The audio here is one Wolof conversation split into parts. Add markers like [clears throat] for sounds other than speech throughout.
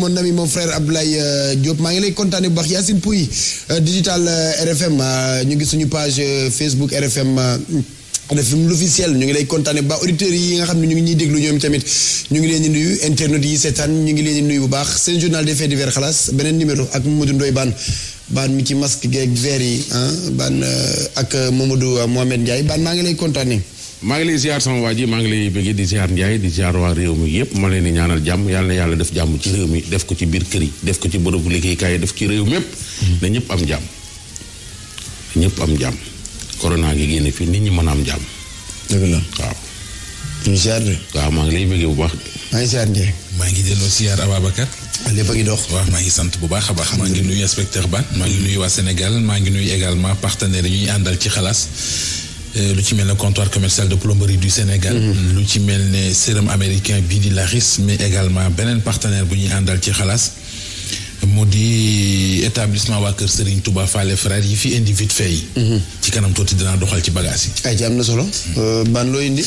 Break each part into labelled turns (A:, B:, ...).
A: mon ami moom frère Abdoulaye euh, Diop maa ngi lay kontaane bu baax Yacine Pouy euh, digital euh, RFM ñu ngi suñu page Facebook RFM RFM l'officiel ñu ngi lay kontaane bu baax auditeurs yi nga xam ne ñu ngi ñuy déglu ñoom tamit ñu ngi leen di nuyu internet yi seetaan ñu ngi leen di nuyu bu baax seen journal des faits divers xalaas beneen numéro ak Mamadou Ndoye Bane baan mi ci mask geeg verre yi baan ak Mamadou Mohamed Ndiaye baan maa ngi lay kontaane
B: maa ngi lay ziar waa ji maa ngi lay bëggee di ziar Ndiaye di ziar waa réew mi yëpp ma leen di ñaanal jàmm yàlla yàlla def jàmm ci réew mi def ko ci biir kër yi def ko ci bërëbu liggéeykaay yi def ci réew mépp mm-hmm. na ñëpp am jàmm na am jàmm corona ngi génne fii nit ñi mën a am jàmm. dëgg la waaw. ñu ziar de. waaw maa ngi lay bëggee bu baax maa ngi ziar Ndiaye. maa ngi delloo ziar a ngi dox. waaw maa ngi sant bu baax a baax. maa ngi nuyu inspecteur Ba. maa ngi nuyu waa Sénégal maa ngi nuyu également partenaires ñuy àndal ci xalaas Euh, lu ci mel ne comptoir commercial de plomberie du Sénégal. Mhm. lu ci mel ne sérum américain bii di Laris mais également beneen partenaire bu ñuy àndal ci xalaas mu di établissement waa Kër Serigne Touba Fallé frère yi fi indi vite fait yi. Mhm. ci kanam tuuti dinaa doxal ci bagages yi. ay ci am na solo. Mhm. Euh, ban loo indi.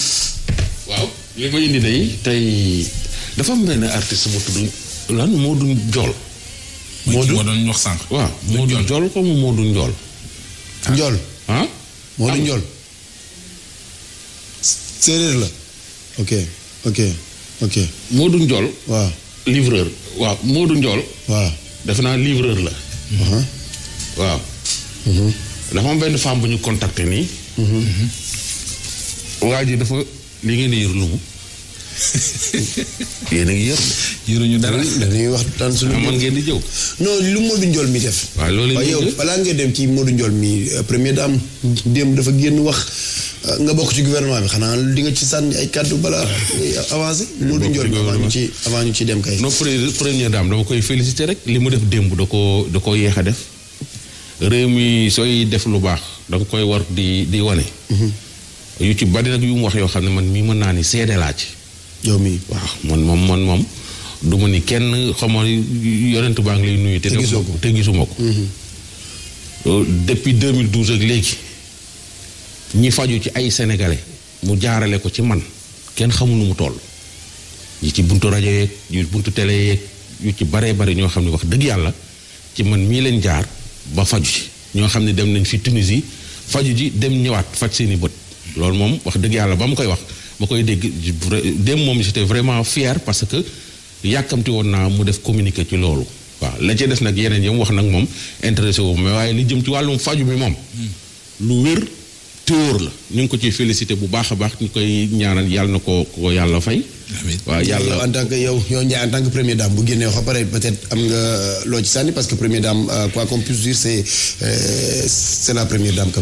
B: waaw li ma indi day tey dafa am benn artiste bu tudd lan Modou Ndiol. Modou moo doon wax sànq. waaw Modou Ndiol comme Modou Ndiol. Ah. Ah. séeréer
A: la ok ok ok.
B: Modou Ndiol. waaw livreur. waaw Modou Ndiol. waaw defe naa livreur la.
A: Uh-huh.
B: waaw. Uh-huh. dafa am benn femme bu ñu contacter nii.
C: Uh-huh.
B: waa ji dafa li ngeen di yër lu mu. [laughs] yéen a ngi yër. yëruñu dara dañuy wax tan suñu. Ah, man ngeen di jëw.
A: non lu Modou Ndiol mi def.
B: waaw loolu yow
A: balaa ngeen dem ci Modou Ndiol mi euh, première dame démb dafa génn wax. nga bokk ci gouvernement bi xanaa di nga ci sànni ay kàddu balaa ngay avancé. moo du njool avant ñu ci
B: avant ñu ci dem kay. non première dame dama koy féliciter rek li mu def démb da ko da ko yeex a def réew mi sooy def lu baax danga koy war di di wane. Mhm. yu ci bari nag yu mu wax yoo xam ne man mii mën naa ni seede laa ci. yow mii waaw man moom man moom du ma ni kenn xamoo yonent baa ngi lay nuyu. te gisoo ko te gisuma ko. Mhm. Euh, depuis 2012 ak léegi. ñi faju ci ay sénégalais mu jaarale ko ci man kenn xamul mu tool yi ci buntu rajo yeeg yu buntu tele yeeg yu ci baree bari ñoo xam ne wax dëgg yàlla ci man mii leen jaar ba faju ci ñoo xam ne dem nañ fi Tunisie faju ji dem ñëwaat faj seeni bët loolu moom wax dëgg yàlla ba mu koy wax ma koy dégg dem moom j'étais vraiment fier parce que yàkkamti woon naa mu def communiqué ci loolu waa la ci des nag yeneen yi mu wax nag moom intéressé wu mais waaye li jëm ci wàllum faju bi moom téwóor la ñu ngi ko ci félicité bu baax a baax ñu koy ñaanal yàlla na ko ko yàlla fay waaw yàlla en tant que yow yow Ndiaye en tant que première dame bu génnee wax pare
A: peut-être am nga loo ci sànni parce que première dame euh, quoi qu'on puisse dire c'est euh,
B: la première dame quand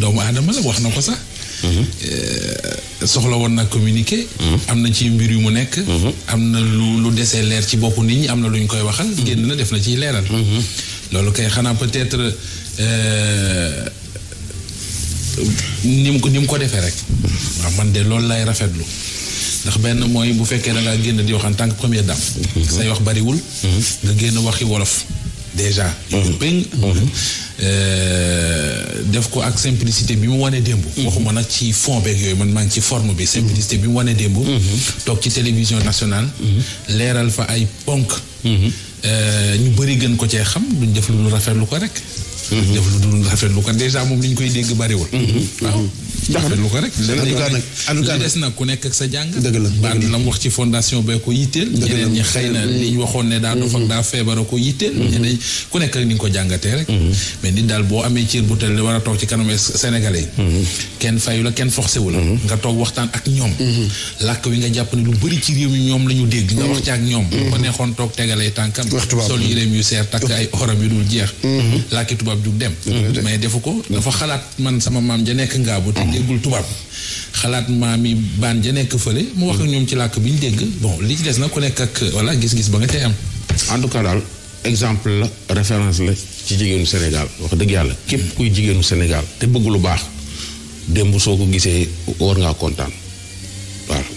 B: doomu aadama wax na ko sax mhm. euh, soxla woon nag communiqué mhm. am na ci mbir yu mu nekk mhm. am na lu lu desee leer ci boppu nit ñi am na lu ñu koy waxal génn na def na ciy leeral loolu kay xanaa peut-être ni mu ko ni ko defee rek. waaw man de loolu lay rafetlu. ndax benn mooy bu fekkee da ngaa génn di wax en tant que première dame. Mhm. say wax bariwul. Mhm. nga génn waxi wolof. déjà. Mhm. péng euh, def ko ak simplicité bi mu wane démb. waxuma nag ci fond beeg man maa ngi ci forme bi. simplicité bi mu démb. toog ci télévision nationale. leeral fa ay ponk. Euh, ñu bëri gën ko cee xam duñ def lu rafetlu ko rek. Mm-hmm. def lu dul rafetlu ko dèjà moom li koy dégg bariwul mm-hmm. Mm-hmm. Ah. waaw rafetlu ko rek li des nag ku nekk ak sa jàng baat la mu wax ci fondation bee ko yitteel na li ñu waxoon ne daa dof daa feebara ko yitteel ñeneen ku nekk ak ni nga ko jàngatee rek mais nit daal boo amee ci bu tel li war a toog ci kanam sénégalais yi kenn fayu la kenn forcé wu la nga toog waxtaan ak ñoom làkk wi nga jàpp ne lu bari ci réew mi ñoom la ñu dégg nga wax ci ak ñoom ko neexoon toog tegalay tànkam sol yëreem yu seer takk ay oram yu dul jeex làkki Pape Diouf dem mais defu ko dafa xalaat man sama maam ja nekk ngaa ngaabu te déggul tubaab xalaat maam yi baan ja nekk fële mu wax ak ñoom ci làkk bi ñu dégg bon li ci des na ku nekk ak voilà gis-gis ba nga tey am en tout cas daal exemple la référence la ci jigéenu Sénégal wax dëgg yàlla képp kuy jigéenu Sénégal te bëgg lu baax démb soo ko gisee war ngaa kontaan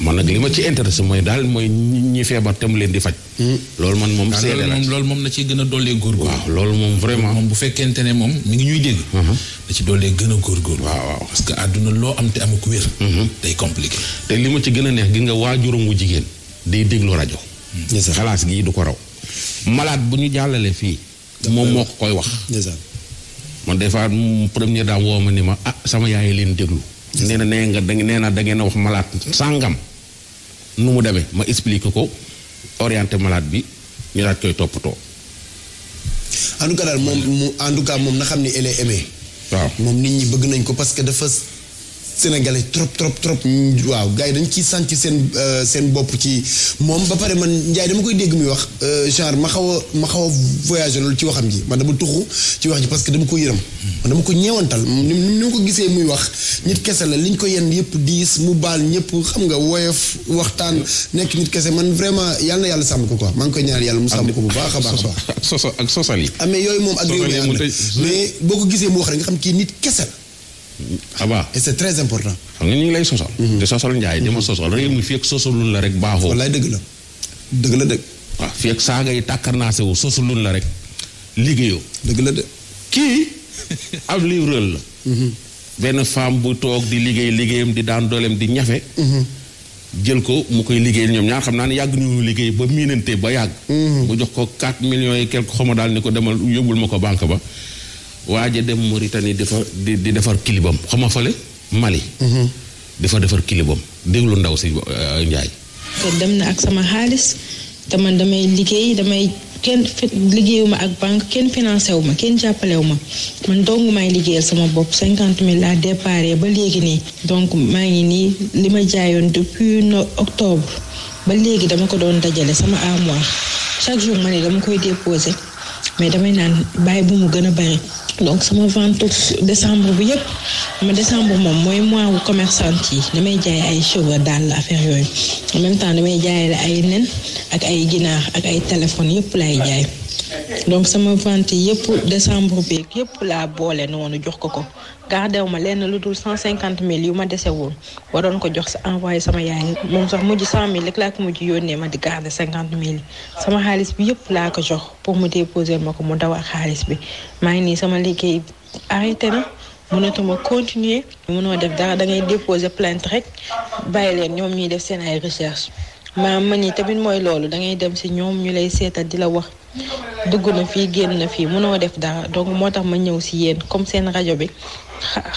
B: man nag li ma ci intéressé mooy daal mooy ñi feebar te leen di faj. Hmm. loolu man moom ah, seede la loolu moom na ci gën a dollee góorgóorlu. waaw loolu moom vraiment bu fekkente ne moom mi ngi ñuy dégg. da hmm. ci dollee gën a góorgóorlu. waaw waaw parce que àdduna loo am te amu ko wér. Hmm. day compliqué. te li ma ci gën a neex gi nga waajuram wu jigéen. day déglu rajo. xalaas gii du ko raw. malaat bu ñu jàllale fii. moom moo ko koy wax. man des fois mm, première dame woo ma ni ma ah sama yaay leen déglu. nee na nee nga nee na da ngeen a wax malaat sàngam. nu mu demee ma expliquer ko orienté malade bi ñu daal koy toppatoo.
A: en tout cas daal moom mu en tout cas moom na xam ne elle est waaw moom nit ñi bëgg nañ ko parce que dafa sénégalais trop trop trop mm, waaw gars yi dañ ciy sànc seen euh, seen bopp ci moom ba pare man Ndiaye dama koy dégg muy wax euh, genre ma xaw a ma xaw a voyagé loolu ci waxam ji man dama tuxu ci wax ji parce que dama ko yërëm man ko ñeewantal ni ni ko gisee muy wax nit kese la liñ ko yenn yëpp diis mu baal ñëpp xam nga woyof waxtaan nekk nit kese man vraiment yàlla na yàlla sàmm ko quoi maa ngi koy ñaanal yàlla mu sàmm ko bu baax a baax a baax
B: soso ak sosal yi amee ah, yooyu moom ak mais boo ko gisee mu wax rek nga xam kii nit kese abaa ah, et c'est très important. xam nga ñu ngi lay sosal. te mhm. sosal njaay di ma mhm. sosal réew mi fii ak sosalul la rek baaxoo. wallaay dëgg la dëgg la dëgg. waaw ah, fii ak saa ngay tàkkarnaase wu sosalul la rek liggéeyoo. dëgg la de kii [laughs] ab livreur la. Mhm. benn femme bu toog di liggéey liggéeyam di daan dooleem di ñafe. jël ko mu koy liggéeyal ñoom ñaar xam naa ne yàgg ñu liggéey ba miinante ba yàgg. mu jox ko 4 millions yi quelque xaw ma daal ni ko demal yóbbul ma ko banque ba. waaja dem Mauritanie di fa di di defar kilibam xam nga fële Mali. Mhm. di fa defar kilibam déglu ndaw si euh, Njaay.
D: dem na ak sama xaalis te man damay liggéey damay kenn liggéeyu ma ak banque kenn financé wu ma kenn jàppalewu ma man dong may liggéeyal sama bopp cinquante mille laa déparé ba léegi nii. donc maa ngi nii li ma jaayoon depuis no octobre ba léegi dama ko doon dajale sama armoire chaque jour ma ne dama koy déposé. mais damay naan bàyyi bu mu gën a bari donc sama vente décembre bi yëpp ma décembre moom mooy mois wu commerçante yi damay jaay ay cheveux daal affaire yooyu en même temps may jaayale ay nen ak ay ginaar ak ay téléphones yëpp laay jaay. donc sama vente yëpp décembre bi yëpp laa boole noonu jox ko ko gardew ma lenn lu dul cent cinquante mille yu ma dese woon waroon ko jox sa envoyé sama yaay moom sax mujj cent mille rek laa ko mujj yónnee ma di cinquante mille sama xaalis bi yëpp laa ko jox pour mu déposer ma ko mu daw ak xaalis bi maa ngi nii sama liggéey arrêté na mënatuma continuer mënoo def dara da ngay déposer plainte rek bàyyi leen ñoom ñuy def seen ay recherche maa man yi tamit mooy loolu da ngay dem si ñoom ñu lay seetal di la wax dugg na fii génn na fii mënoo def dara donc moo tax ma ñëw si yéen comme seen rajo bi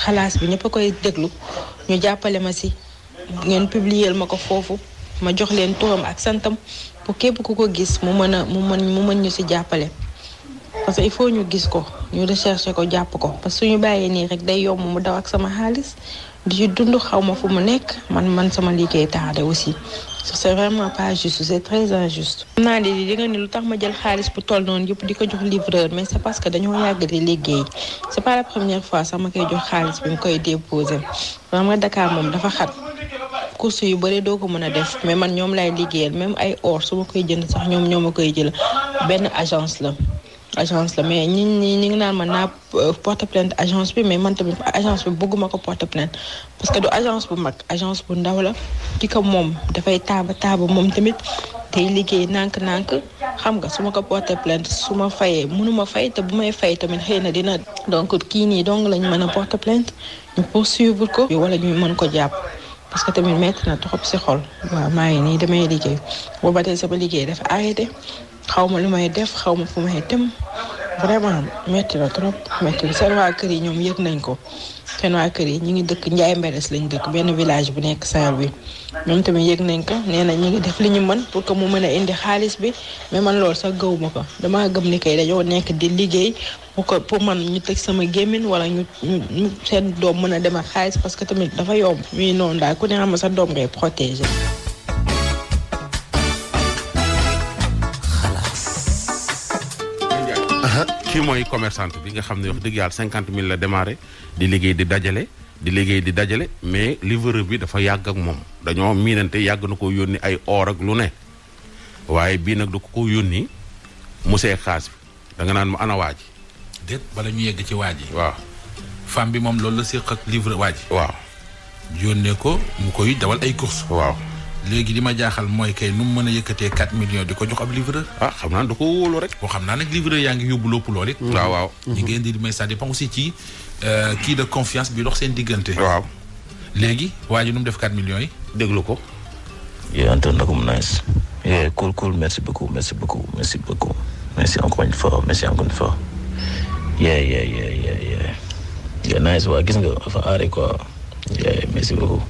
D: xalaas bi ñëpp a koy déglu ñu jàppale ma si ngeen publier ma ko foofu ma jox leen turam ak santam pour képp ku ko gis mu mën a mu mën mu mën ñu si jàppale. parce que il faut ñu gis ko ñu recherché ko jàpp ko parce que suñu bàyyee nii rek day yomb mu daw ak sama xaalis di ci dund xaw ma fu mu nekk man man sama liggéey taxade aussi. so c'est vraiment pas juste c'est très injuste. xam naa léegi li nga ne lu tax ma jël xaalis bu toll noonu yëpp di ko jox livreur mais c'est parce que dañoo yàgg di liggéey c'est pas la première fois sax ma koy jox xaalis bi mu koy déposé xam ma Dakar moom dafa xat. course yu bëri doo ko mën a def mais man ñoom lay liggéeyal même ay or su ma koy jënd sax ñoom ñoo ma koy jël benn agence la. agence la mais ñi ñi ñi ngi naan man naa euh, porte plainte agence bi mais man tamit agence bi bëgguma ko porte plainte parce que du agence bu mag agence bu ndaw la ki ko moom dafay taaba taaba moom tamit tey liggéey nànk-nànk xam nga su ma ko porté plainte su ma fayee mënuma fay te bu may fay tamit xëy na dina donc kii nii dong lañ mën a porte plainte ñu poursuivre ko wala ñu mën ko jàpp parce que tamit metti na trop si xol waaw maa ngi nii damay liggéey booba liggéey dafa arrêté xaw ma lu may def xaw ma fu may dem vraiment metti la trop métti seen waa kër yi ñoom yëg nañ ko seen waa kër yi ñu ngi dëkk Ndiaye mberees lañ dëkk benn village bu nekk Saint-Louis ñoom tamit yëg nañ ko nee na ñu ngi def li ñu mën pour que mu mën a indi xaalis bi mais man loolu sax gëw ko damaa gëm ni kay dañoo nekk di liggéey pour ko pour man ñu teg sama gémmin wala ñu seen doom mën a dem xaalis parce que tamit dafa yomb muy noonu daal ku ne ma sa doom ngay protéger.
B: kii mooy commerçante bi nga xam ne wax dëgg yàlla cinquante mille la démarré di liggéey di dajale di liggéey di dajale mais livre bi dafa yàgg ak moom dañoo miinante yàgg na ko yónni ay or ak lu ne waaye bii nag du ko ko yónni mu see xaas bi da nga naan mu ana waa ji déet bala ñu yegg ci waa ji waaw femme bi moom loolu la séq ak livre waa ji waaw yónnee ko mu koy dawal ay course waaw. léegi li ma jaaxal mooy kay nu mu mën a yëkkatee 4 millions di ko jox ab livreur. ah xam naa du ko wóolu rek. boo xam naa nag livreur yaa ngi yóbbu lépp lool it. Mm-hmm. waaw waaw. ñu ngi indi ci euh, kii de confiance bi dox seen diggante. waaw léegi waa ji nu mu def 4 millions yi. déglu ko. yéen antanagum nice. yéen cool cool merci beaucoup
E: merci beaucoup merci beaucoup merci encore merci encore une fois. yéen yéen nice waa gis nga dafa aare quoi. yéen merci beaucoup.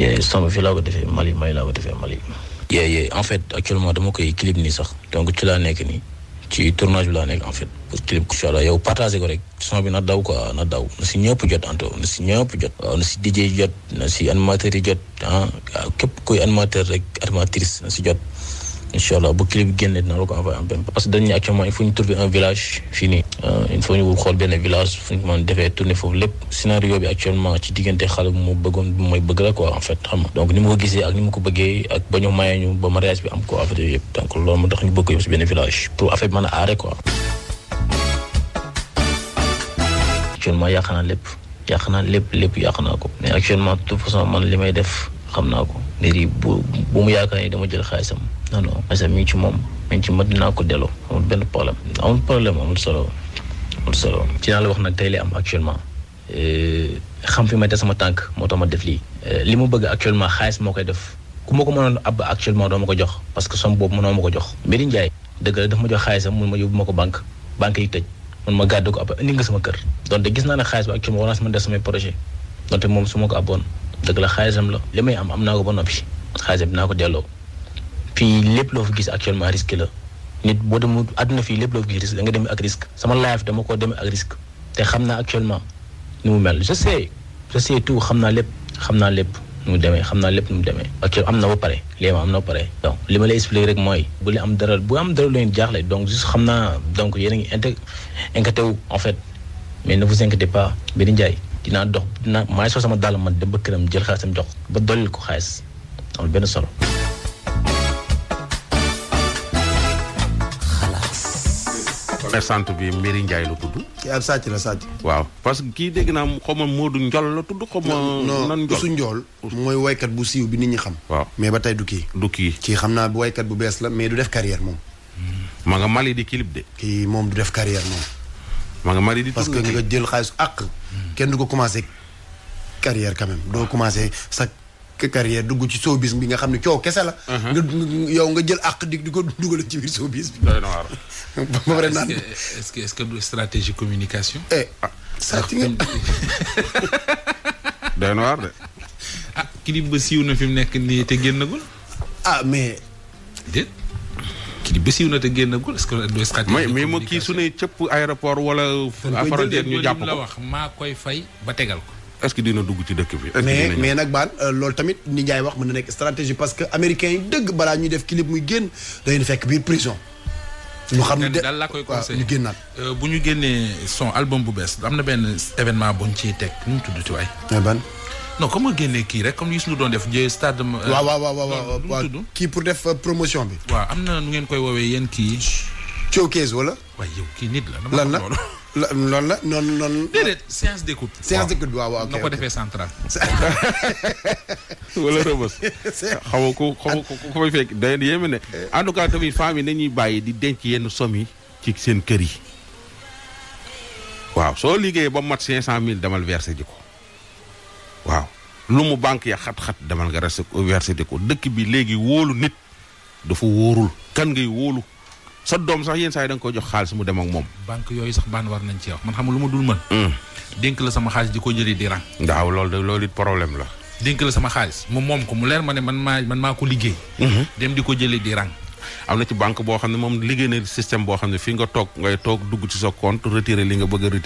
E: yee sama fi laa ko defee Mali may laa ko defee Mali. yee yee en fait actuellement dama koy clip nii sax donc ci laa nekk nii ci tournage bi laa nekk en fait pour clip ku soxla yow partagé ko rek son bi na daw ko na daw na si ñëpp jot anto na si ñëpp jot. waaw na si DJ jot na si animateur yi jot ah képp kuy animateur rek animatrice na si jot. incha allah bu clip génnee dina la ko envoyé en même parce que dañu actuellement il faut ñu trouver un village fii nii euh, il faut ñu xool benn village fu ñu defee tourner foofu lépp scénario bi actuellement ci diggante xale bu ma bëggoon bu may bëgg la quoi en fait xam ni ma ko gisee ak ni ma ko bëggee ak ba ñu mayee ñu ba mariage bi am ko affaire yëpp donc loolu moo tax ñu bëgg ko yóbbu si benn village pour affaire bi a aare quoi actuellement yàq naa lépp yàq naa lépp lépp yàq naa ko mais actuellement man li may def xam naa ko léegi bu bu mu yaakaar ni dama jël xaalisam non non xaalisam mi ngi ci moom mi ci ma dinaa ko delloo amul benn problème amul solo amul solo ci wax nag tey li am actuellement euh, xam fi may te sama tànk moo tax ma def lii euh, li mu bëgg actuellement xaalis moo koy def ku ma ko mënoon ab actuellement doo ma ko jox parce que somme boobu mënoo ma ko jox Mbiri Ndiaye dëgg la xaalisam mun ma yóbbu ma ko banque banque yi tëj mun ma gàddu ko ab indi nga sama kër donte gis naa ne xaalis ba actuellement war naa si def samay projet donte moom su ma ko aboon dëgg la xaalisam la li may am am naa ko ba noppi xaalis bi naa ko delloo fii lépp loo fi gis actuellement risque la nit boo demul àdduna fii lépp loo fi gis risque da nga dem ak risque sama life dama ko demee ak risque te xam naa actuellement nu mu mel je sais je sais xam naa lépp xam naa lépp mu demee xam naa lépp nu mu demee actuellement am na ba pare léegi am na pare donc li ma lay expliquer rek mooy bu leen am dara bu am dara lu leen jaaxle donc juste xam naa donc yéen a ngi inquiété wu en fait mais ne vous inquiétez pas Béni Ndiaye dinaa dox dinaa maay soo sama dàll man dem ba këram jël xaalisam jox ba dolil ko xaalis amul benn solo.
B: commerçante bi Mbiri Ndiaye la tudd. kii ab sàcc la sàcc. waaw parce que kii dégg naa xaw ma Modou Ndiol la tudd. xaw ma nan Ndiol
A: su mooy waykat bu siiw bi nit ñi xam. mais ba tey du kii. du kii ci xam naa bu waykat bu bees la mais du def carrière moom. maa nga Mali di clip de. kii moom du def carrière moom. maa nga mari parce que nga jël xaalis àq. kenn du ko commencé carrière quand doo commencé sa carrière dugg ci showbiz bi nga xam ne coow kese la. Uh-huh. yow nga jël àq di di ko dugal ci biir showbiz bi. doy na waar. [laughs] ba pare naan
B: est-ce que stratégie communication.
A: eh stratégie.
B: [laughs] doy na waar de. ah ba siiw na fi mu nekk nii te génnagul. ah mais. kii bi siiw na te génnagul est-ce que. mais mais ma kii su ne cëpp aéroport wala. à frontière ñu jàpp ko maa koy fay ba tegal ko. est que dina dugg ci dëkk bi. mais mais nag
A: baan euh, lool tamit ni Ndiaye wax mën na nekk stratégie parce que américains yi dëgg balaa ñuy def clip muy génn dañuy fekk biir prison.
B: ñu xam ne de daal laa koy conseillé ñu génnaat. Euh, bu ñu génnee son album bu bees am na benn événement bu ñu teg nu mu tuddati waay. ban. non comme nga génnee kii rek comme ni su ñu doon def jë stade. Euh, waaw
A: waaw waaw waaw kii pour def euh, promotion bi.
B: waaw am na nu ngeen koy woowee yéen kii. showcase wala. waaye yow kii nit la. lan la loolu la noonu noonu. déedéet séance d'écoute. séance d'écoute waaw waaw ok na ko defee central. [laughs] wala rëbës. xaw ma ko xaw ma ko ku fay fekk day yéeme ne. Eh. en tout cas tamit femmes yi nañuy bàyyi di denc yenn somme yi ci seen kër yi. waaw soo liggéeyee ba mat cinq cent mille demal versé ji ko. waaw lu mu banque ya xat-xat demal nga reste université ko dëkk bi léegi wóolu nit dafa wóorul kan ngay wóolu sa doom sax yenn saa yi da ko koy jox xaalis mu dem ak moom. banque yooyu sax bann war nañ ci wax man xam lu ma dul mën. Hmm. la sama xaalis di ko jëlee di rang. waaw loolu de loolu it problème la. dénk la sama xaalis mu moom ko mu leer ma ne man maa man maa ko liggéey. Hmm. dem di ko jëlee di rang. am na banque boo xam ne moom liggéey ne système boo xam ne fii nga toog ngay toog dugg ci sa compte retirer li nga bëgg a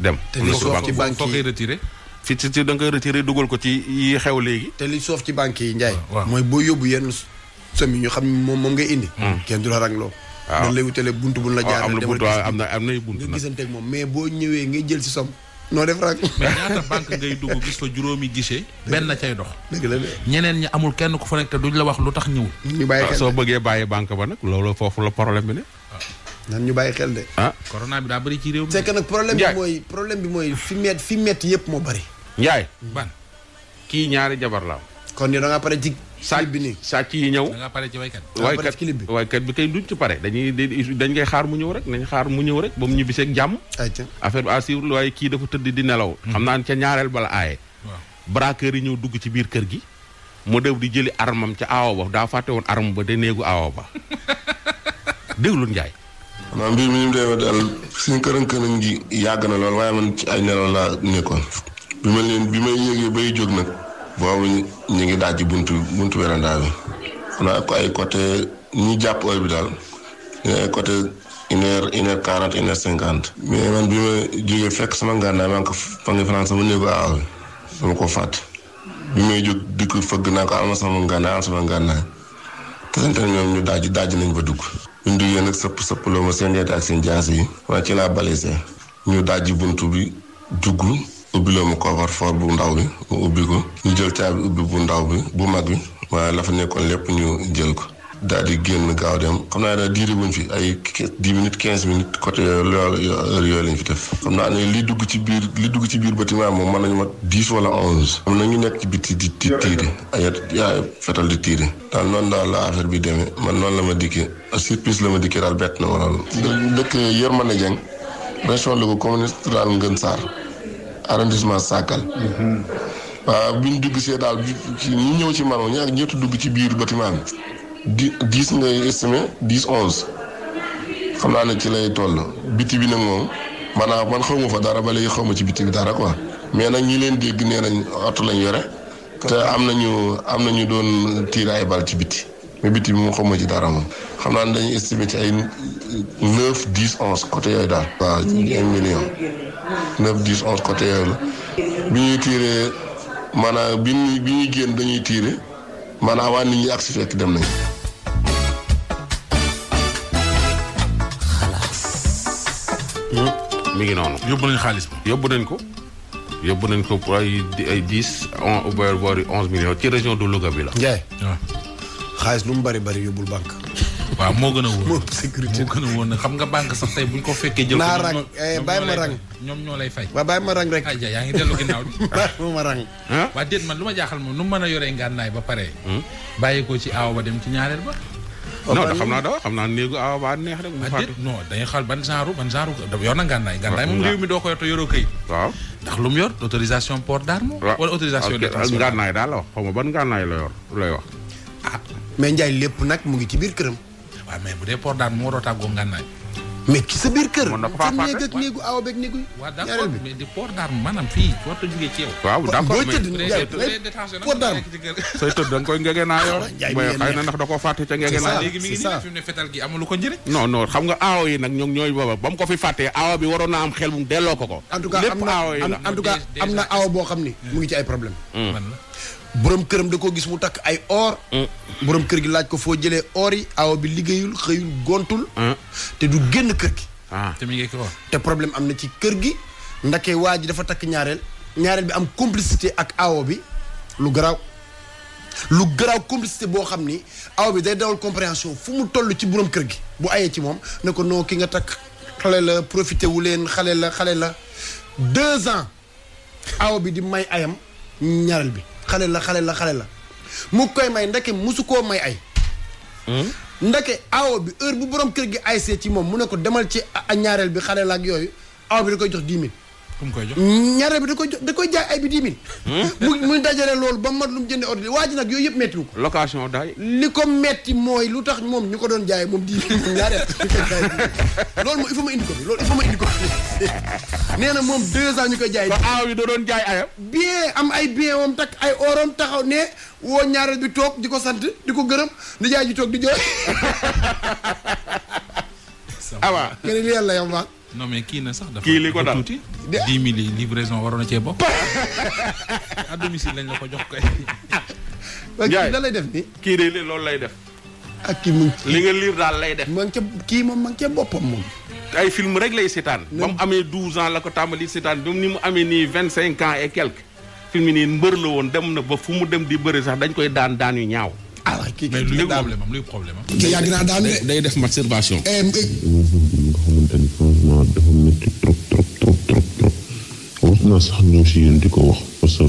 B: dem. te li soo ko ci banque yi ci ci da nga koy dugal ko ci yi xew léegi.
A: te li soof ci banque yi Ndiaye. mooy boo yóbbu yenn somme yi ñu xam moom moom ngay indi. Hmm. kenn du la rangloo. waaw dañ lay wutale buntu buñ la jaar am na buntu am na am na buntu nga gisante moom mais boo ñëwee ngay jël si somme. noo def rang. mais ñaata banque ngay dugg gis fa juróomi guichet. benn
B: cay dox. dëgg ñeneen ñi amul kenn ku fa nekk te duñ la wax lu tax ñëwul. ñu bàyyi soo bëggee bàyyi banque ba nag loolu foofu la problème bi ne. nan ñu bàyyi xel de. ah bi daa bëri ci réew mi. c'est nag problème bi mooy
A: problème bi mooy fi met fi metti yëpp moo bari
B: Ndiaye. Mm. ban kii ñaari jabar la kon yow da ngaa pare ci. sàcc bi nii sàcc yi ñëw. da ngaa pare waykat bi. waykat bi waykat bi kay duñ ci pare dañuy dañ koy xaar mu ñëw rek nañ xaar mu ñëw rek ba mu ñibbisee ak jàmm. affaire bi à suivre waaye kii dafa tëdd di nelaw. Mm. xam naa ca ñaareel bala aaye. braqueur yi ñëw dugg ci biir kër gi. mu dew di jëli armam ca aawo ba daa fàtte woon arme ba de néegu aawo ba
F: [laughs] déglu Ndiaye maanaam mbir mi ni mu demee daal suñu këram këram gi yàgg na lool waaye man ci ay nelaw laa nekkoon bi ma leen bi may yéegee bay jóg nag boobu ñu ngi daaj buntu buntu werandaa bi xanaa ko ay côté ñi jàpp heure bi daal ñu ay côté une heure une heure quarante une heure cinquante. mais man bi ma jógee fekk sama ngànnaay maa ngi ko fa ngi fanaan sama néegu aaw bi dama ko fàtt bi may jóg dikk fëgg naa ko am sama ngànnaay am sama ngànnaay te ñoom ñu daaj daaj nañ ba dugg. indi yéen ak sëpp sëpploo ma seen yedd ak seen jaas yi waaye ci laa balisee ñu dajji bunt bi dugg ubbiloo ma coffre-fort bu ndaw bi mu ubbi ko ñu jël caabi ubbi bu ndaw bi bu mag bi waaye la fa nekkoon lépp ñu jël ko daal di génn gaaw dem xam naa daal diire buñ fi ay dix minutes quinze minutes côté loolu heure yooyu lañ fi def xam naa ne li dugg ci biir li dugg ci biir bâtiment moom man nañu ma dix wala onze am na ñu nekk ci biti di di tiire ay ay fetal di tiire daal noonu daal la affaire bi demee man noonu la ma dikkee surprise la ma dikkee daal bett na ma loolu dëkk Yërmande Dieng région Louga commune rurale Ngën Sarr arrondissement Sakal mm-hmm. waaw bi ñu dugg see daal ñu ñëw ci man ñaar ñett dugg ci biir bâtiment bi di dix ngay estimé dix onze xam naa ne ci lay toll biti bi nag moom maanaam man xaw ma fa dara ba xaw ma ci biti bi dara quoi mais nag ñi leen dégg nee nañ oto lañ yore. te am nañu am nañu doon tiir ay bal ci biti mais biti bi moom xaw ma ci dara moom. xam naa ne dañuy estimé ci ay neuf dix onze côté yooyu daal. waa un million neuf dix onze côté yooyu la. bi ñuy tiiree maanaam bi ñuy bi ñuy génn dañuy tiire maanaam waa nit ñi ak fekk dem nañ mi ngi noonu.
B: yóbbu nañ xaalis yóbbu nañ ko yóbbu nañ ko pour ay ay dix on voire voire onze millions ci région de Louga bi la. Ndiaye. waaw xaalis lu mu bari bari yóbbul banque. waaw moo gën a wóor. moo sécurité moo gën a wóor xam nga banque sax tey bu ñu ko fekkee. jël naa rang eh, bàyyi ma rang ñoom ñoo lay fay. waaw bàyyi ma rang rek. ah yaa ngi dellu ginnaaw bi. [laughs] bàyyi ma rang. waa déet man lu ma jaaxal moom nu mu mën a yoree ngànnaay ba pare. Hmm? bàyyi ko ci aaw ba dem ci ñaareel ba. non da xam naa da xam naa néegu awa ba neex rek mu ah, faatu non xal ban genre ban genre yor na ngànnaay ngànnaay moom réew mi doo ko yoroo këy ndax lu mu yor autorisation port d'arme wala autorisation de transport daal la wax xaw ban ngànnaay la yor lay wax ah mais Ndiaye lépp nag mu ngi ci biir këram waaw mais bu dee port d'arme moo doo tàggoo ngànnaay mais ci sa biir kër. mën na ko faa faa néeg ak néegu waaw d' accord mais di port naa yor. waaw [laughs] xëy na ndax da koo nii gi amul ko njëriñ. non non xam nga aawa yi nag ñoom ñooy booba ba mu ko fi fàttee aawa bi waroon naa am xel mu delloo ko ko. lépp aawa yi la en tout cas am na aawa boo xam ni mu ngi ci ay problème mm. borom
A: këram da koo gis mu takk ay or. Mm. borom kër gi laaj ko foo jëlee or yi awa bi liggéeyul xëyul gontul. Mm. te du génn kër gi. Ah. te mi te problème am na ci kër gi ndake waa ji dafa takk ñaareel ñaareel bi am complicité ak awo bi lu garaaw. lu garaw complicité boo xam ni aw bi day dawal compréhension fu mu toll ci boroom kër gi bu ayee ci moom ne ko noo ki nga takk xale la profité wu leen xale la xale la deux ans aw bi di may ayam ñaareel bi xale la xale la xale la mu koy may ndeke musu koo may ay hmm? ndeke awo bi heure bu borom kër gi ay seet ci moom mu ne ko demal ci a ñaareel bi xale la ak yooyu awo bi da koy jox dix ku koy jox ñaare bi da koy da koy jaay ay bi dix hmm? [laughs] mu mu dajale loolu ba mat lu mu jënde ordi waa ji nag yooyu yëpp méttiwu ko
B: location daay
A: li ko metti mooy lu tax moom ñu ko doon jaay moom [laughs] dix mille loolu moom il faut ma indi ko
C: bi [laughs]
A: nee na moom deux ans ñu koy jaay aaw yi da doon jaay ayam bien am ay bien moom takk ay orom taxaw ne woo ñaareel bi toog di ko sant di ko gërëm di jaay ji toog di jooy awa kenn li yàlla
B: non mais kii na sax dafa kii li ko daal tuuti. dix mille yi livraison waroon na cee bokk. à lañ la ko jox kay. Ndiaye da lay def ni kii de loolu lay def. ak kii mu li nga liir daal lay def. ma ca kii moom ma nga ca boppam moom. ay film rek lay seetaan. ba mu amee douze ans la ko tàmbali seetaan ba ni mu amee nii vingt cinq ans et quelques. film yi nii mbër la woon dem na ba fu mu dem di bëri sax dañ koy daan daan yu ñaaw. ah kii kii luy problème am luy problème am. yàgg naa daan de day def masturbation.
C: dafa métti trop trop trop trop trop wax naa sax ñëw si yéen di ko wax parce que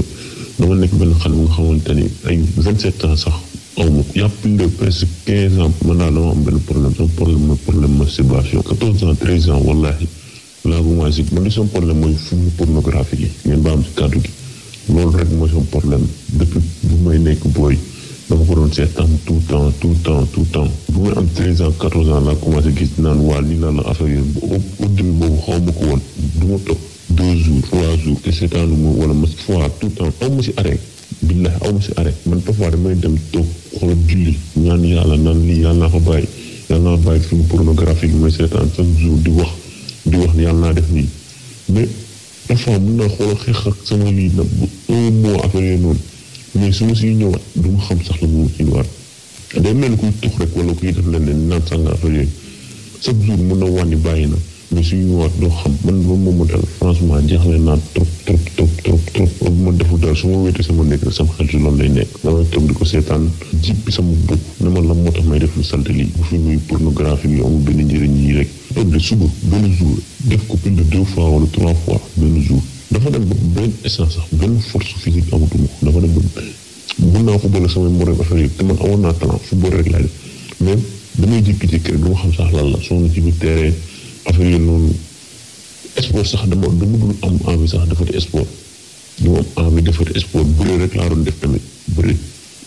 C: dama nekk benn xale bu nga xamante ni ay vingt sept ans sax aw ma y' a plus de presque quinze ans man daal dama am benn problème sama problème mooy problème masturbation quatorze ans treize ans wallaahi laa commencé man li sama problème mooy film pornographique yi ngeen ba am si kàddu gi loolu rek mooy sama problème depuis bu may nekk booy dama ko doon seetaan tout temps tout temps tout temps bu muy am treize ma ko woon du ma toog deux jours trois jours te seetaan lu damay dem toog xoolal julli ñaan yàlla naan lii yàlla naa fa bàyyi yàlla naa bàyyi film pornographique may seetaan chaque jour di wax di wax yàlla naa def nii mais parfois mun naa xoolal xeex ak sama lii nag bu un mois yooyu noonu mais su ma siy ñëwaat du xam sax la mu indiwaat day mel ni kuy tux rek wala kuy def leneen naan sàngaar yooyu chaque jour mën na na mais su ñu man ba moom mu dal franchement jeexle naa trop trop trop trop trop ba ma defu dal su ma wéetee sama nekk sama xel ci loolu lay nekk damay toog di ko seetaan jib bi sama bopp ne la moo tax may def lu salte lii bu fi muy pornographie bi amul benn njëriñ yi rek toog de suba benn jour def ko plus de deux fois wala trois fois benn jour dafa dem ba benn essence sax benn force physique amatuma dafa dem ba mun naa football samay moroom affaire yi te man amoon naa talent football rek laa def mais damay jékki-jékki rek du xam sax lan la soo na ci biir terrain affaire yi noonu sport sax dama dama dul am envie sax defati sport du ma am envie defati sport bëre rek laa doon def tamit bëre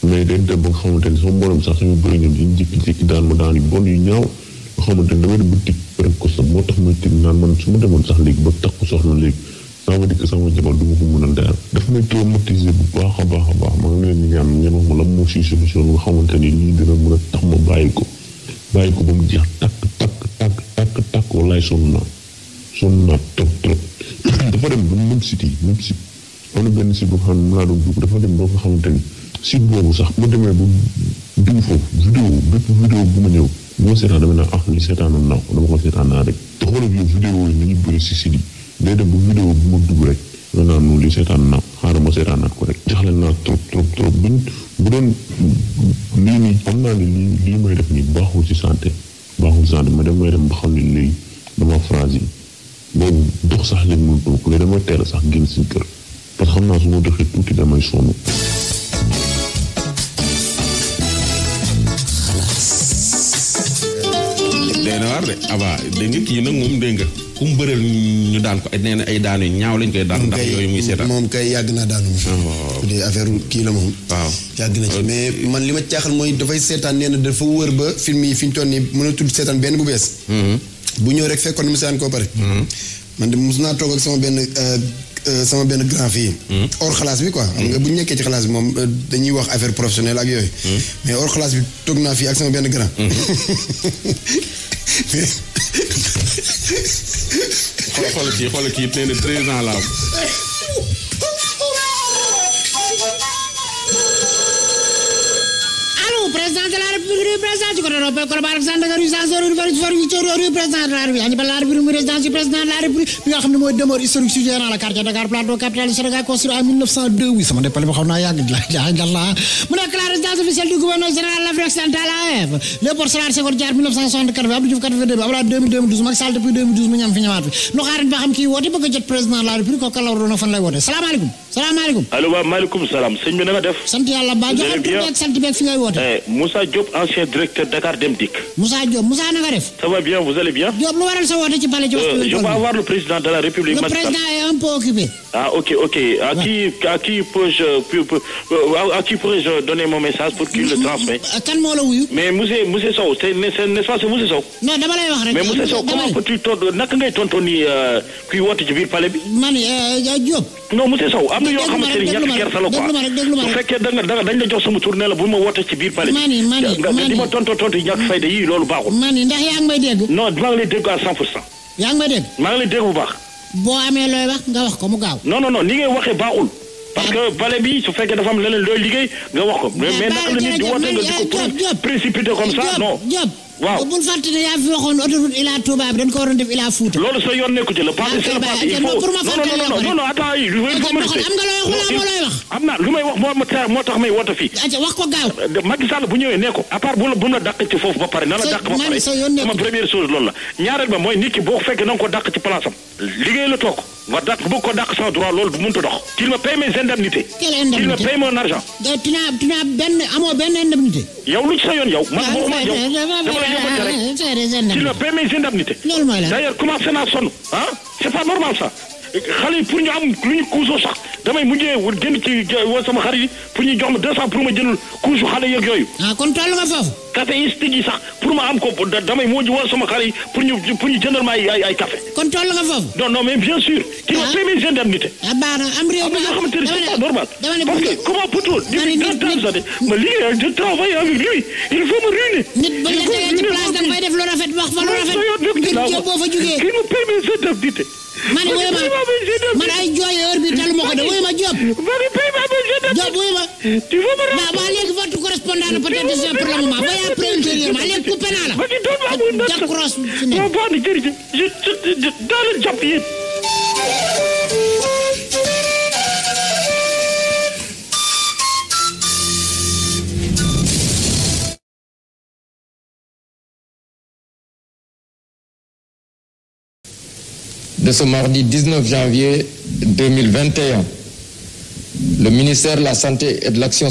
C: mais day dem ba nga xamante ni sax sama bëre ñoom dañuy jékki-jékki daan ma daan yu bon yu ñaaw nga xamante ni damay dem ba moo tax may tig naan man su ma demoon sax léegi ba tax ko soxna léegi ça veut dire sama jabar du ma ko mën a dara daf may traumatisé a baax a baax ma ngi leen di ñaan ngeen wax ma lan moo si solution nga xamante ni mën a tax ko bàyyi ko ba mu jeex takk takk takk [clears throat] dafa dem ba même site yi même site am benn site bu xam ne mu dafa dem ba nga xamante ni site boobu sax mu demee bu diw foofu vidéo bépp vidéo bu ma ñëw bu ma seetaan dama naa ah li seetaanoon naa ko dama ko seetaan naa rek te xoolal yow yi ni ñu bëri si site day dem bu vidéo bu ma dugg rek nga naan mu li seetaan na xaaral ma seetaanaat ma dem may dem ba xam léegi dama phrase yi boobu dox sax léegi mënut si kër xam naa su ma tuuti damay sonn.
E: xalaas.
B: day na waar de abaa dégg nga kii ku mu bëreel ñu daan ko nee ay daan yu ñaaw lañ koy daan. ndax yooyu muy seetaan moom kay yàgg naa daanu moom. Ah, de affaire kii la moom. waaw
A: yàgg na ci man li ma caaxal mooy dafay seetaan nee na dafa wër ba film yi fi ñu toll nii mënatul seetaan benn bu bees. Mhm. bu ñëw rek fekkoon mu seetaan koo pare. Mhm. man de mos naa toog ak sama benn. Euh, euh, sama benn grand fii. Mhm. hors classe bi quoi. xam nga bu ñu ci classe bi moom euh, dañuy wax affaire professionnelle ak yooyu. mais hors classe bi toog naa fii ak sama benn grand. [laughs]
B: xool kii xool kii nee na treize ans la am.
G: allo président représente kodoro ko barak sandaga ru sans ru ru ru président de la République ani balaa République mu résidence du président de la République bi nga xam ne mooy demeure historique située dans le quartier Dakar Plateau capitale du Sénégal construit en 1902 oui sama dépale ba xaw naa yàgg la mu nekk la résidence officielle du gouverneur général de l'Afrique occidentale AF Léopold Sédar Senghor Diatta 1964 Abdou Diouf 82 Abdoulaye 2012 Macky Sall depuis 2012 mu ñam fi ñëwaat fi nu xaarit ba xam kii woote bëgg a jot président de la République ko kala doona fan lay woote salaamaaleykum salaamaaleykum allo wa maaleykum salaam sëñ bi na nga def sant yàlla baa joxe sant beeg fi ngay woote eh, Moussa Diop ancien directeur Dakar Dem Dikk. Moussa Diop Moussa na nga def. ça va bien vous allez bien. Diop lu waral sa woote ci palais euh, je vais avoir le président de la République. Macky Sall président est un kan moo la wuyu. mais monsieur monsieur Sow c'est n'est-ce pas Sow. non dama lay wax rek. mais monsieur Sow comment peux-tu tontu naka ngay tontu ni euh, kuy woote ci biir palais bi. man euh, Diop. non monsieur Sow am na yoo ma rek déglu ma rek bu fekkee da nga dañ la jox sama tournée la bu ma woote ci biir palais bi. nga di ma tontu tontu ñàkk fayda yii loolu baaxul. mani ndax yaa ngi dégg. non maa ngi lay dégg à bu baax. boo amee looy wax nga wax ko mu gaaw. non non non ni ngay waxee baaxul. parce ah. que bale bi su fekkee dafa am leneen looy liggéey nga wax ko. mais ah, naka la nit di woote nga di ko précipité comme ça non. waaw te bul fàtte ne yaa fi waxoon autoroute Ila Touba bi dañ ko waroon def Ila Fouta. loolu sa yoon nekku ci la. parce que il am nga looy wax am na lu may wax moo tax may woote fii. wax ko gaaw. Macky Sall bu ñëwee ne ko à part bu la bu la dàq ci foofu ba pare na la dàq ba pare sama première chose loolu la ñaareel ba mooy nit ki boo fekkee na nga ko dàq ci place am liggéey la toog nga dàq bu ko dàq sans droit loolu bu mënta dox. qu'il me paie mes indemnités. quelle indemnité qu'il me paie sa yoon yow. man waxuma yow dama la yóbbante rek. sonn ah c'est pas normal ça. xale yi pour ñu am lu ñu kuusoo sax damay mujjee ñu jox kuusu xale yeeg yooyu. ah kon toll nga foofu. sax pour ma am ko damay moo woo sama xarit yi pour ñu pour ñu ay ay café. kon toll non non bien sûr. ah ma paie mes indemnités. ah baax na am réew avec lui il faut me ruiner. nit ba nga tegee ci place da nga fay fa lu rafet. ngir jóg boo fa jugee. ma paie mes indemnités. ma ne Vogue privé je ne. tu vois ma. waaw waaw léegi votre
D: correspondant ne peut être pour le moment voyez après ultérieurement léegi coupé naa la. ba
G: ci doon baabu ne. jàkkuroos fi ne. boo ne jërëjëf je je daal jàpp yéen.
H: de ce mardi 19 janvier 2021. le ministère de la Santé et de l'Action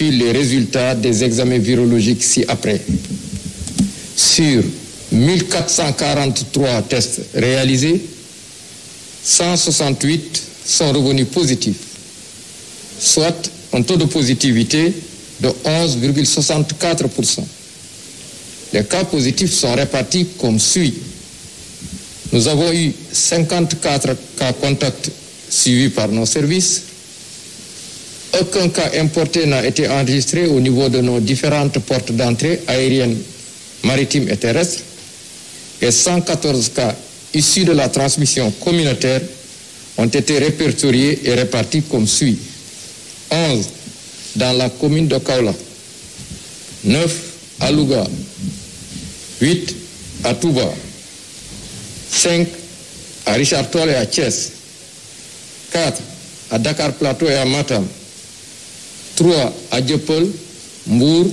H: les résultats des examens virologiques ci-après. Sur 1443 tests réalisés, 168 sont revenus positifs, soit un taux de positivité de 11,64%. Les cas positifs sont répartis comme suit. Nous avons eu 54 cas contacts suivis par nos services. Aucun cas importé n'a été enregistré au niveau de nos différentes portes d'entrée aériennes, maritimes et terrestres et 114 cas issus de la transmission communautaire ont été répertoriés et répartis comme suit. dans la commune de Kaolack, 9 à Louga, 8 à Touba, 5 à Richard-Toll et à Thiès. 4 à Dakar Plateau et Matam, 3 à Dieuppeul, Mbour,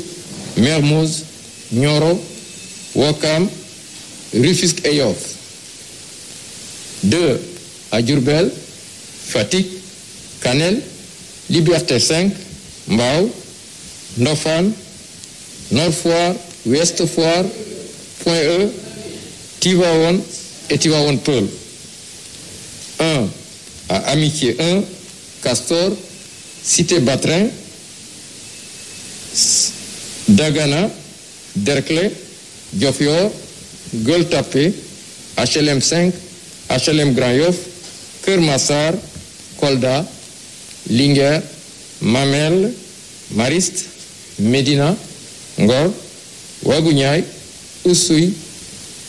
H: Mermoz, Nioro, Ouakam, Rufisque et Yoff, 2 à Diourbel, Fatick, Kanel, Liberté 5, Mbao, Ndofane, Nord Foire, Point E, Tivaouane et Tivaouane Amitié 1 Castor Cité Batrin Dagana Derklé Diofior Gueule Tapée HLM 5 Grand Yoff Keur Kolda Linguère Mamel Mariste Médina Ngor Waguñaay Oussouye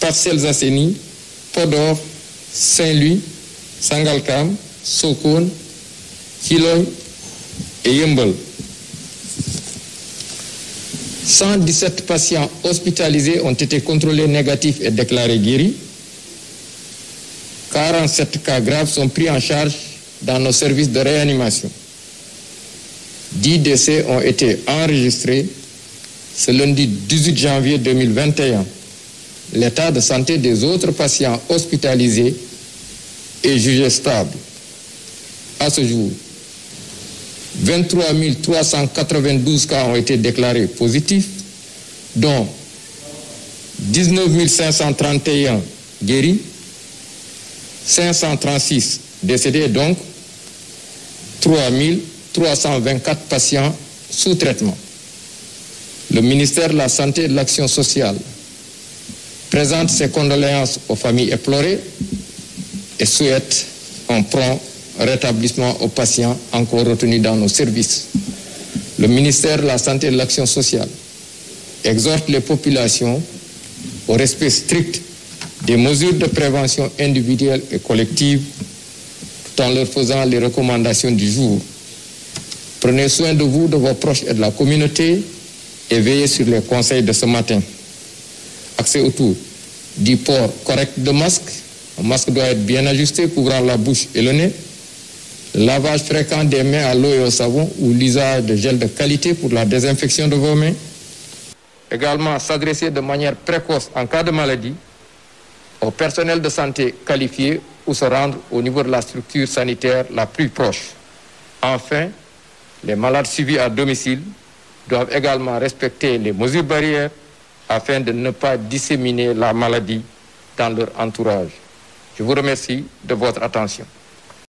H: Parcelles Assainies Podor Saint-Louis Sangalkam Sokone Thiloye et Yeumbeul 117 patients hospitalisés ont été contrôlés négatifs et déclarés guéris 47 cas graves sont pris en charge dans nos services de réanimation 10 décès ont été enregistrés ce lundi 18 janvier 2021 l'état de santé des autres patients hospitalisés est jugé stable À ce jour, 23 392 cas ont été déclarés positifs, dont 19 531 guéris, 536 décédés, donc 3 324 patients sous traitement. Le ministère la Santé l'Action sociale présente ses condoléances aux familles éplorées et souhaite un rétablissement aux patients encore retenus dans nos services. Le ministère de la Santé et de l'Action sociale exhorte les populations au respect strict des mesures de prévention individuelle et collective tout en leur faisant les recommandations du jour. Prenez soin de vous, de vos proches et de la communauté et veillez sur les conseils de ce matin. Accès autour du port correct de masque. Un masque doit être bien ajusté, couvrant la bouche et le nez. lavage fréquent des mains à l'eau et au savon ou l'usage de gel de qualité pour la désinfection de vos mains. Également, s'adresser de manière précoce en cas de maladie au personnel de santé qualifié ou se rendre au niveau de la structure sanitaire la plus proche. Enfin, les malades suivis à domicile doivent également respecter les mesures barrières afin de ne pas disséminer la maladie dans leur entourage. Je vous remercie de votre attention.